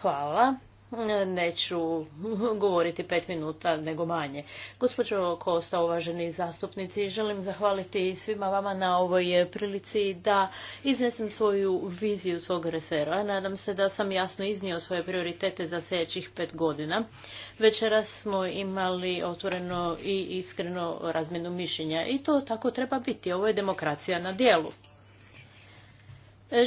Hvala. Neću govoriti pet minuta, nego manje. Gospođo Kosta, uvaženi zastupnici, želim zahvaliti svima vama na ovoj prilici da iznesem svoju viziju svog resera. Nadam se da sam jasno iznio svoje prioritete za sljedećih pet godina. Večeras smo imali otvoreno i iskreno razmjenu mišljenja i to tako treba biti. Ovo je demokracija na dijelu.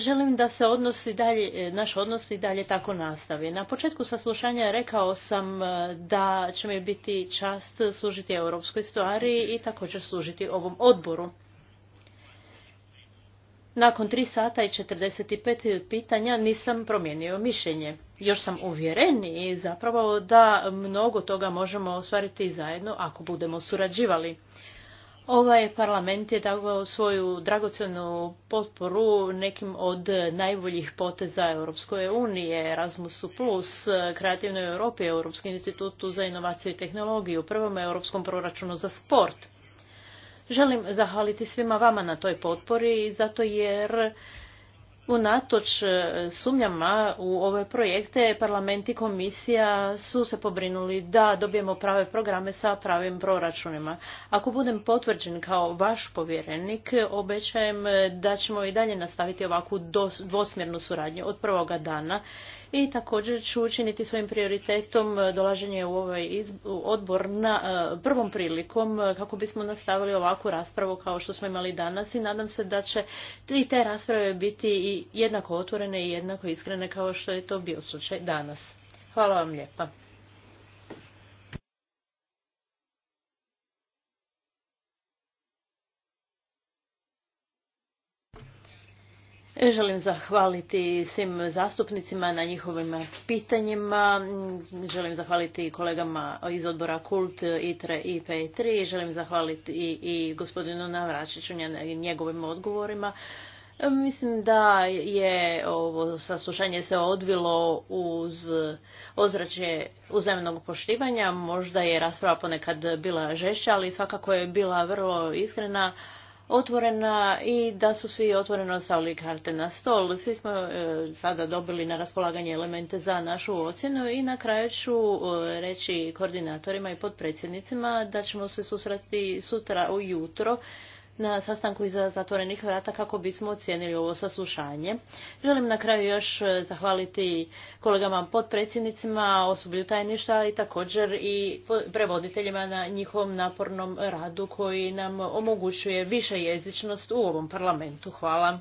Želim da se odnosi dalje, naš odnos i dalje tako nastavi. Na početku saslušanja rekao sam e, da će mi biti čast služiti europskoj stvari i također služiti ovom odboru. Nakon 3 sata i 45 pitanja nisam promijenio mišljenje. Još sam uvjeren i zapravo da mnogo toga možemo ostvariti zajedno ako budemo surađivali. Ovaj parlament je dao svoju dragocenu potporu nekim od najboljih poteza Europskoj unije, Erasmusu+, Kreativnoj Europi, Europskom institutu za inovacije i tehnologiju, prvom europskom proračunu za sport. Želim zahvaliti svima vama na toj potpori, zato jer Unatoč e, sumnjama u ove projekte, parlament i komisija su se pobrinuli da dobijemo prave programe sa pravim proračunima. Ako budem potvrđen kao vaš povjerenik, obećajem e, da ćemo i dalje nastaviti ovakvu dvosmjernu suradnju od prvoga dana i također ću učiniti svojim prioritetom e, dolaženje u ovaj odbor na e, prvom prilikom e, kako bismo nastavili ovakvu raspravu kao što smo imali danas i nadam se da će i te rasprave biti i jednako otvorene i jednako iskrene kao što je to bio slučaj danas. Hvala vam lijepa. Želim zahvaliti svim zastupnicima na njihovim pitanjima. Želim zahvaliti kolegama iz odbora Kult, ITRE i P3. Želim zahvaliti i, gospodinu Navračiću na njegovim odgovorima. Mislim da je ovo saslušanje se odvilo uz ozračje uzajemnog poštivanja. Možda je rasprava ponekad bila žešća, ali svakako je bila vrlo iskrena otvorena i da su svi otvoreno stavili karte na stol. Svi smo e, sada dobili na raspolaganje elemente za našu ocjenu i na kraju ću e, reći koordinatorima i podpredsjednicima da ćemo se susresti sutra ujutro na sastanku iza zatvorenih vrata kako bismo ocijenili ovo saslušanje. Želim na kraju još e, zahvaliti kolegama potpredsjednicima, osoblju tajništva i također i prevoditeljima na njihovom napornom radu koji nam omogućuje više jezičnost u ovom parlamentu. Hvala.